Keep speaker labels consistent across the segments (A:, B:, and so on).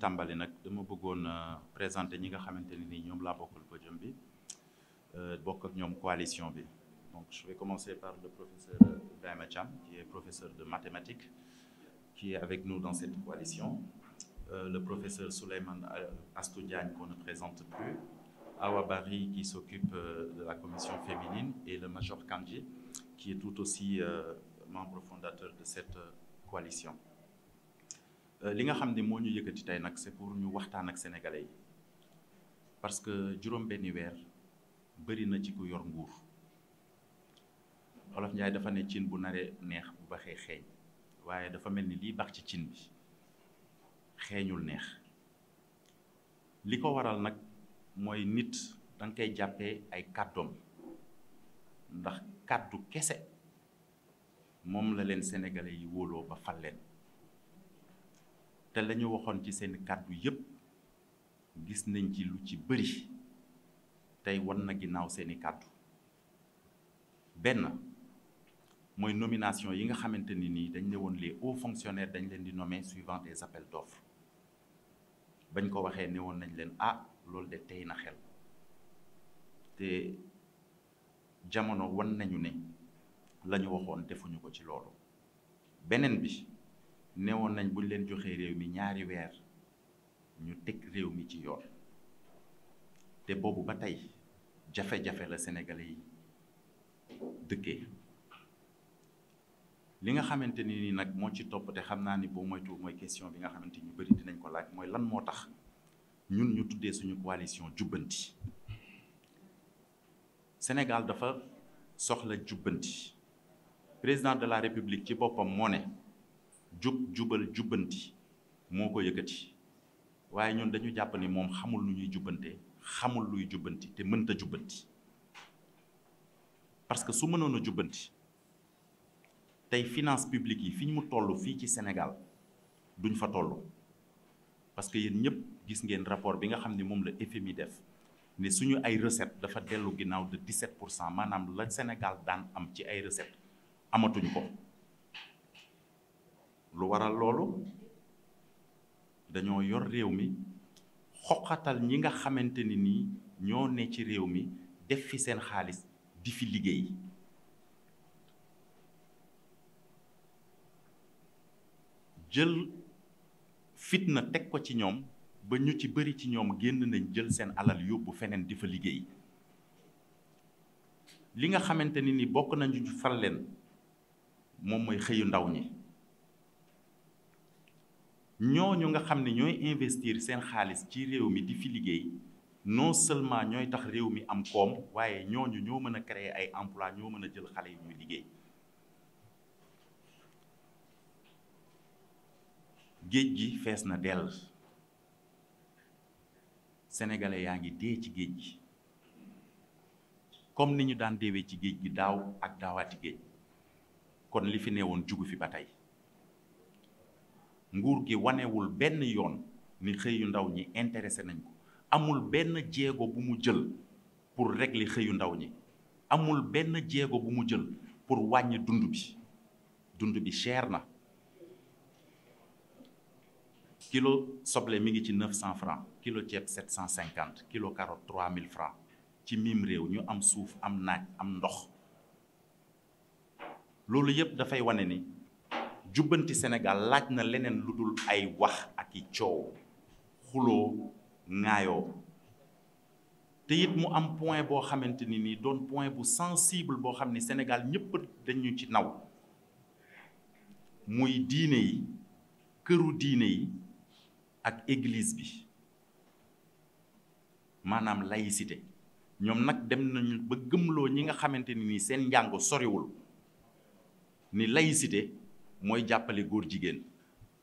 A: tàmbali nag dama bëggoon euh, présenter ñi nga xamante ne ni ñoom laa bokkal podium bi euh, bokk ñoom coalition bi donc je vais commencer par le professeur euh, Ibrahima Thiam qui est professeur de mathématiques qui est avec nous dans cette coalition le professeur Souleymane Astou Diagne qu'on ne présente plus Awa Bari qui s'occupe euh, de la commission féminine et le major Kandji qui est tout aussi membre fondateur de cette coalition Euh, li nga xam ne moo ñu ti tey nag c'est pour ñu waxtaan ak sénégalais yi parce que juróom benni weer bëri na ci ku yor nguur Olof Njaay dafa ne cin bu naree neex bu baxee xeeñ waaye dafa mel ni lii bax ci cin bi xeeñul neex li ko waral nag mooy nit danga koy jàppee ay kàddoom ndax kàddu kese moom la leen sénégalais yi wóoloo ba fal leen te lañu waxoon ci seeni kàddu yépp gis nañ ci lu ci bëri tey wan na ginnaaw seeni kàddu benn mooy nomination yi nga xamante ni nii dañ ne woon les hauts fonctionnaires dañ leen di nommer suivant des appels d'offres bañ ko waxee ne woon nañ leen ah loolu de tey na xel te jamono wan nañu ne lañu ñu waxoon defuñu ko ci loolu beneen bi newoon nañ buñ leen joxee réew mi ñaari weer ñu teg réew mi ci yoon te boobu ba tey jafe-jafe la sénégalais yi dëkkee li nga xamante ni nii nag moo ci topp te xam naa ni moy moytu mooy question bi nga xamante ñu bëri dinañ ko laaj mooy lan moo tax ñun ñu tuddee suñu coalition jubbanti Sénégal dafa soxla jubbanti président de la république ci boppam moo ne. jub jubal jubbanti moo ko yëkkati waaye ñun dañu jàpp ni moom xamul lu ñuy jubbante xamul luy jubbanti te mënta jubbanti parce que su mënoon a jubbanti tey finance publique yi fi ñu mu toll fii ci Sénégal duñ fa toll parce que yéen ñëpp gis ngeen rapport bi nga xam ni moom la FMI def ne suñu ay recette dafa dellu ginnaaw de 17 pour cent maanaam la Sénégal daan am ci ay recette amatuñ ko lu waral loolu dañoo yor réew mi xoqatal ñi nga xamante ni nii ñoo ne ci réew mi def fi seen xaalis di fi liggéey jël fitna teg ko ci ñoom ba ñu ci bari ci ñoom génn nañ jël seen alal yóbbu feneen di fa liggéey li nga xamante ni ni bokk nañu faral leen moom mooy xëyu ndaw ñi ñooñu nga xam ne ñooy investir seen xaalis ci réew mi di fi liggéey non seulement ñooy tax réew mi am koom waaye ñooñu ñoo mën a créer ay emploi ñoo mën a jël xale yu ñuy liggéey géej gi fees na dell sénégalais yaa ngi dee ci géej gi comme ni ñu daan deewee ci géej gi daaw ak daawaati géej kon li fi newoon jugu fi ba tey nguur gi wanewul benn yoon ni xëyu ndaw ñi intéressé nañ ko amul benn jéego bu mu jël pour régler xëyu ndaw ñi amul benn jéego bu mu jël pour wàññi dund bi dund bi cher na kilo soble mi ngi ci neuf cent kilo ceeb sept cent cinquante kilo carotte trois mille francs ci miim réew ñu am suuf am naaj am ndox loolu yépp dafay wane ni jubbanti Sénégal laaj na leneen lu dul ay wax ak i coow xuloo ŋaayoo te it mu am point boo xamante ni nii doon point bu sensible boo xam ni Sénégal ñëpp dañu ci naw muy diine yi këru diine yi ak église bi maanaam laïcité ñoom nag dem nañu ba gëmloo ñi nga xamante ni nii seen njàng soriwul ni laïcité mooy jàppale góor jigéen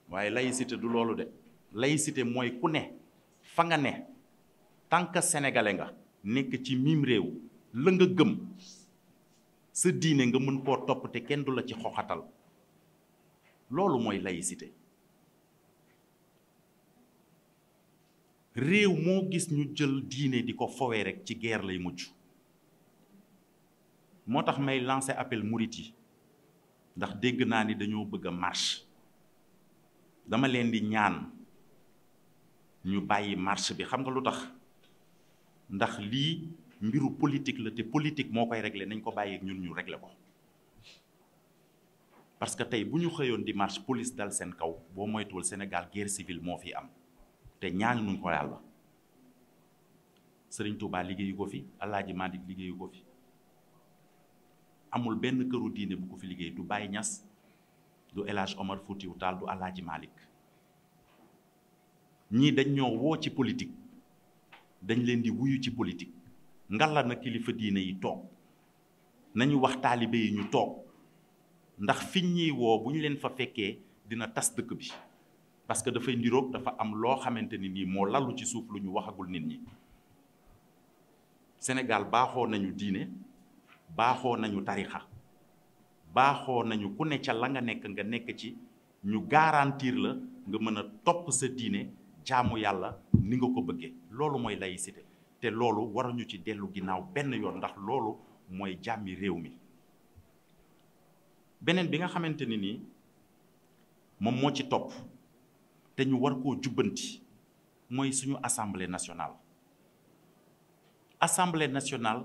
A: waaye laïcité du loolu de laïcité mooy ku ne fa nga ne tant que sénégalais nga nekk ci miim réew la nga gëm sa diine nga mën koo topp te kenn du la ci xoxatal loolu mooy laïcité réew moo gis ñu jël diine di ko fowee rek ci guerre lay mujj moo tax may lancer appel murit yi ndax dégg naa ni dañoo bëgg a marche dama leen di ñaan ñu bàyyi marche bi xam nga lu tax ndax lii mbiru politique la te politique moo koy régler nañ ko bàyyi ñun ñu régler ko parce que tey bu ñu xëyoon di marche police dal seen kaw boo moytuwul Sénégal guerre civile moo fi am te ñaan nuñ ko yàlla Sëriñ Tuubaa liggéeyu ko fi Alaaji Maalik liggéeyu ko fi amul benn këru diine bu ko fi liggéey du bàyyi ñas du El Hadj Omar Foutiou Tall du El Hadj ñii dañ ñoo woo ci politik dañ leen di wuyu ci politique ngalla na kilifa diine yi toog nañu wax taalibe yi ñu toog ndax fiñ ñiy woo bu ñu leen fa fekkee dina tas dëkk bi parce que dafay ndiroog dafa am loo xamante ni nii moo lalu ci suuf lu ñu waxagul nit ñi senegal baaxoo nañu diine baaxoo nañu tarixa baaxoo nañu ku ne ca la nga nekk nga nekk ci ñu gaarantiir la nga mën a topp sa diine jaamu yàlla ni nga ko bëggee loolu mooy laïcité te loolu waruñu ci dellu ginnaaw benn yoon ndax loolu mooy jàmmi réew mi beneen bi nga xamante ni nii moom moo ci topp te ñu war koo jubbanti mooy suñu assemblée nationale assemblée nationale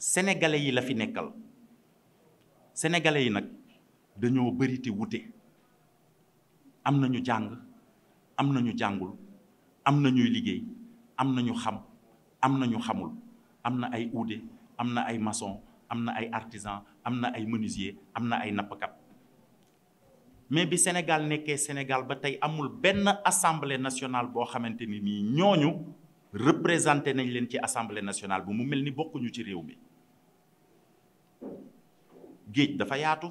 A: sénégalais yi la fi nekkal sénégalais yi nag dañoo bëri te wute am na ñu jàng am na ñu jàngul am na ñuy liggéey am na ñu xam am na ñu xamul am na ay uude am na ay mason am na ay artisan am na ay menuisier am na ay nappkat mais bi Sénégal nekkee Sénégal ba tey amul benn assemblée nationale boo xamante ni nii ñooñu représenté nañ leen ci assemblée nationale bu mu mel ni bokkuñu ci réew mi géej dafa yaatu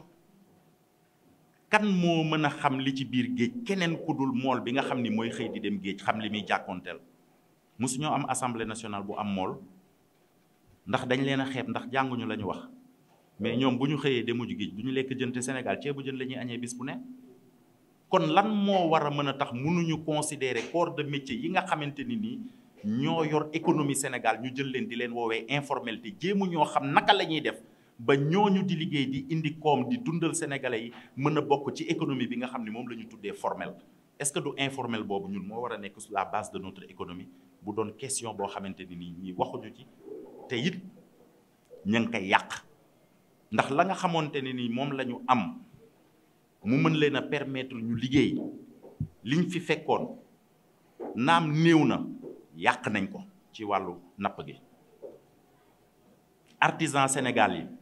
A: kan moo mën a xam li ci biir géej keneen ku dul mool bi nga xam ni mooy xëy di dem géej xam li muy jàkkoonteel mosu am assemblée nationale bu am mool ndax dañ leen a xeeb ndax jànguñu la ñu wax mais ñoom bu ñu xëyee demuñu géej du ñu lekk jën te Sénégal ceebu jën la ñuy añee bis bu ne kon lan moo war a mën a tax mënuñu considérer corps de métier yi nga xamante ni nii ñoo yor économie Sénégal ñu jël leen di leen woowee informel te jéemu ñoo xam naka la ñuy def ba ñu di liggéey di indi koom di dundal sénégalais yi mën a bokk ci économie bi nga xam ne moom la ñu tuddee formel est-ce que du informel boobu ñun moo war a nekk sur la base de notre économie bu doon question boo xamante ni nii ñi waxuñu ci te it ña ngi koy yàq ndax la nga xamante ne ni moom lañu am mu mën leen a permettre ñu liggéey liñ fi fekkoon naam néew na yàq nañ ko ci wàllu napp gi artisan Sénégal yi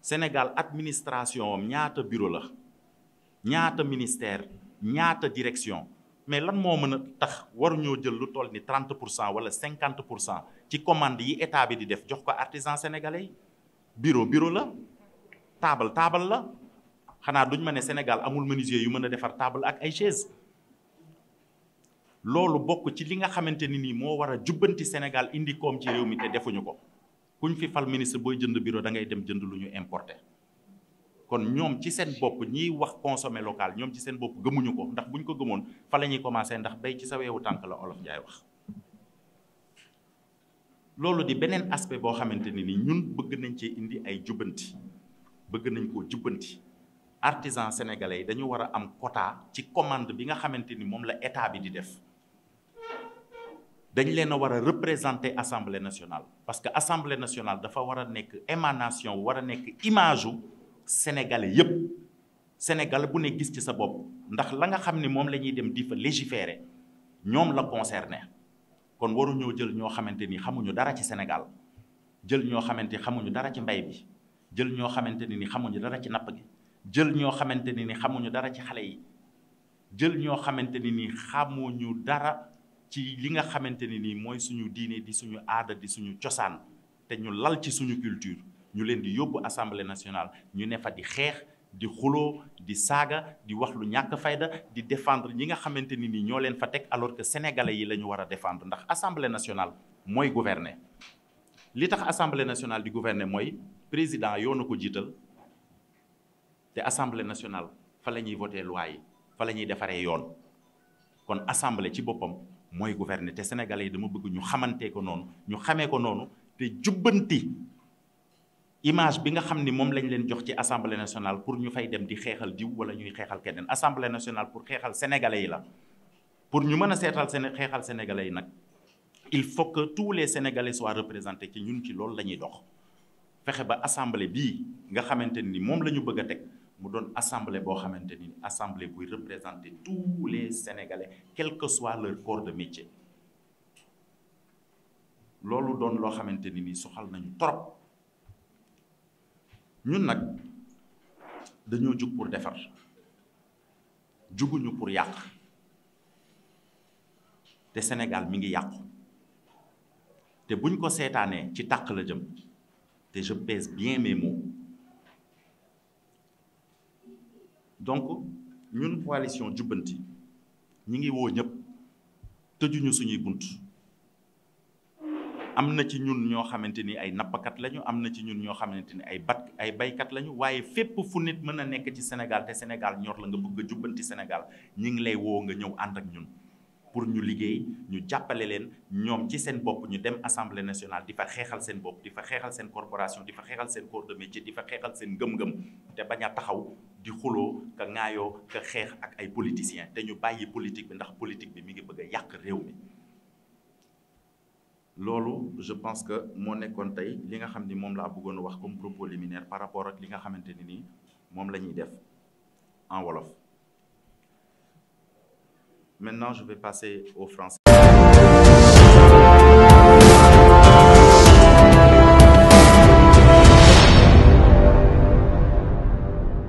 A: Sénégal administration am ñaata bureau la ñaata ministère ñaata direction mais lan moo mën a tax waruñoo jël lu toll ni 30 pour cent wala cinquante pour cent ci commande yi état bi di def jox ko artisan sénégalais yi bureau bureau la taabal taabal la xanaa duñ ma ne Sénégal amul menuisier yu mën a defar taabal ak ay chaise loolu bokk ci li nga xamante ni nii moo war a jubbanti Sénégal indi koom ci réew mi te defuñu ko. kuñ fi fal ministre booy jënd biro da ngay dem jënd lu ñu importé kon ñoom ci seen bopp ñiy wax consommer local ñoom ci seen bopp gëmuñu ko ndax bu ñu ko gëmoon fa la ñuy commencé ndax bay ci sa weewu tànk la olof njaay wax loolu di beneen aspect boo xamante ni ni ñun bëgg nañ cee indi ay jubbanti bëgg nañ koo jubbanti artisan sénégalais yi dañu war a am quota ci commande bi nga xamante ni moom la état bi di def dañ leen a war a représenter assemblée nationale parce que assemblée nationale dafa war a nekk emanation war a nekk image u sénégalais yépp sénégal bu ne gis ci sa bopp ndax la nga xam ni moom la ñuy dem di fa ñoom la concerné kon waru ñoo jël ñoo xamante ni xamuñu dara ci sénégal jël ñoo xamante ni xamuñu dara ci mbay bi jël ñoo xamante ni xamuñu dara ci napp gi jël ñoo xamante ni xamuñu dara ci xale yi jël ñoo xamante ni xamuñu dara ci li nga xamante ne nii mooy suñu diine di suñu aada di suñu cosaan te ñu lal ci suñu culture ñu leen di yóbbu assemblée nationale ñu ne fa di xeex di xuloo di saaga di wax lu ñàkk fayda di défendre ñi nga xamante ni nii ñoo leen fa teg alors que sénégalais yi la ñu war a défendre ndax assemblée nationale mooy gouverner. li tax assemblée nationale di gouverner mooy président yoonu ko jiital te assemblée nationale fa la ñuy voté loi yi fa la ñuy defaree yoon kon assemblée ci boppam. mooy gouverner te sénégalais yi dama bëgg ñu xamantee ko noonu ñu xamee ko noonu te jubbanti image bi nga xam ni moom lañ leen jox ci assemblée nationale pour ñu fay dem di xeexal diw wala ñuy xeexal keneen assemblée nationale pour xeexal sénégalais yi la pour ñu mën a seetal seen xeexal sénégalais yi nag il faut que tous les sénégalais soient représentés ci ñun ci loolu la ñuy dox fexe ba assemblée bii nga xamante ni moom la ñu bëgg a teg mu doon assemblée boo xamante ni assemblée buy représenter tous les sénégalais quel que soit leur corps de métier loolu doon loo xamante ni soxal nañu trop ñun nag dañoo jug pour defar juguñu pour yàq te Sénégal mi ngi yàqu te buñ ko seetaanee ci tàq la jëm te je pèse bien mes donc ñun coalition jubbanti ñi ngi woo ñëpp tëjuñu suñuy bunt am na ci ñun ñoo xamante ni ay nappakat lañu am na ci ñun ñoo xamante ni ay bat ay baykat lañu waaye fépp fu nit mën a nekk ci Sénégal te Sénégal ñor la nga bëgg a jubbanti Sénégal ñi ngi lay woo nga ñëw ànd ak ñun pour ñu liggéey ñu jàppale leen ñoom ci seen bopp ñu dem assemblée nationale di fa xeexal seen bopp di fa xeexal seen corporation di fa xeexal seen corps de métier di fa xeexal seen gëm te bañ taxaw di xuloo ka ŋaayoo ka xeex ak ay politicien te ñu bàyyi politique bi ndax politique bi mu ngi bëgg a yàq réew mi loolu je pense que moo nekkoon tey li nga xam ni moom laa bëggoon wax comme propos liminaire par rapport ak li nga xamante ni nii moom la ñuy def en wolof maintenant je vais passer au français